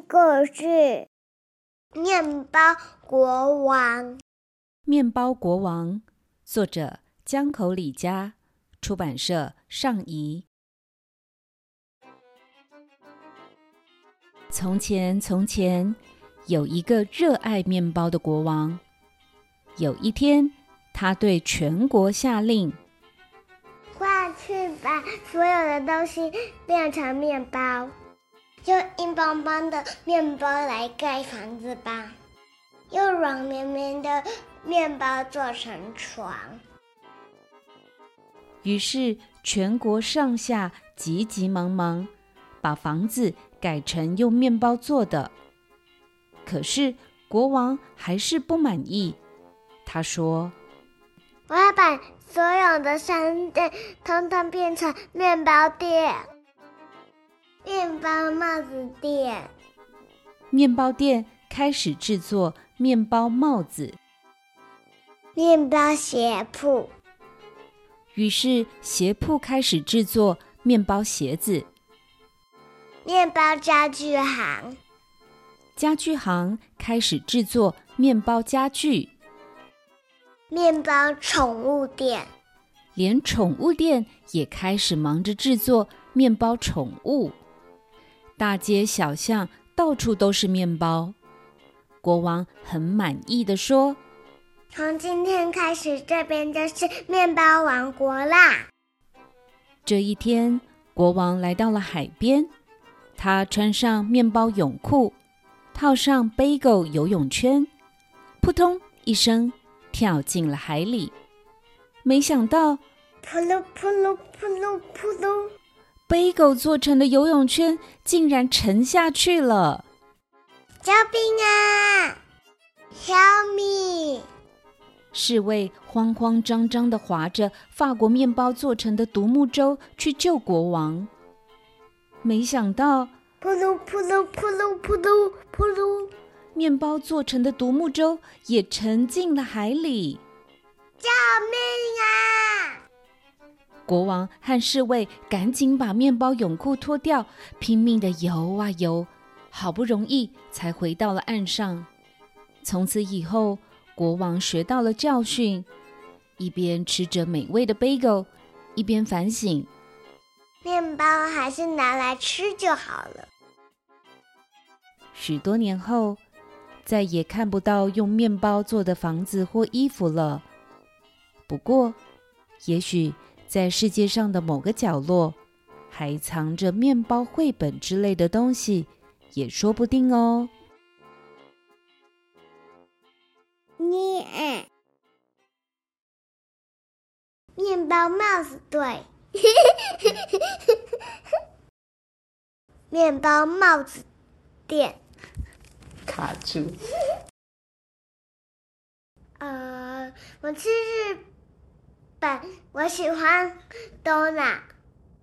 個是《麵包國王》，《麵包國王》作者江口里佳，出版社上誼。從前，從前有一個熱愛麵包的國王。有一天，他對全國下令：“快去把所有的東西變成麵包。”用硬邦邦的麵包來蓋房子吧，用軟綿綿的麵包做成床。於是全國上下急急忙忙把房子改成用麵包做的，可是國王還是不滿意。他說：“我要把所有的商店通通變成麵包店。”麵包帽子店，麵包店開始製作麵包帽子。麵包鞋鋪，於是鞋鋪開始製作麵包鞋子。麵包家具行，家具行開始製作麵包家具。麵包寵物店，連寵物店也開始忙着製作麵包寵物。大街小巷到處都是麵包。國王很滿意的說：“從今天開始，這邊就是麵包王國啦。”這一天，國王來到了海邊，他穿上麵包泳褲，套上 bagel 游泳圈，撲通一聲跳進了海裡。沒想到，撲嚕撲嚕撲嚕撲嚕。貝果做成的游泳圈竟然沉下去了！救命啊！Help me！侍衛慌慌張張的划着法國麵包做成的獨木舟去救國王，沒想到噗嚕噗嚕噗嚕噗嚕噗嚕，麵包做成的獨木舟也沉進了海裡！救命啊！國王和侍衛趕緊把麵包泳褲脫掉，拼命的游啊游，好不容易才回到了岸上。從此以後，國王學到了教訓，一邊吃着美味的 bagel，一邊反省：麵包還是拿來吃就好了。許多年後，再也看不到用麵包做的房子或衣服了。不過，也許。在世界上的某個角落，還藏着面包繪本之類的東西，也說不定哦。你，誒。麵包帽子對，麵包帽子店 卡住。呃，我其實。本我喜歡 donut，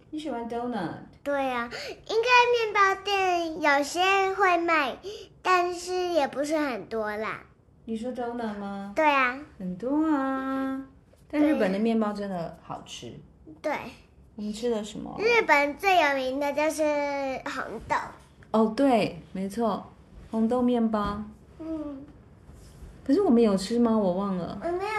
你喜歡 donut？對呀，應該麵包店有些會賣，但是也不是很多啦。你說 donut 嗎？對啊，很多啊。但日本的麵包真的好吃。對，我們吃的什麼？日本最有名的就是紅豆。哦，對，沒錯，紅豆麵包。嗯，可是我們有吃嗎？我忘了。我沒有。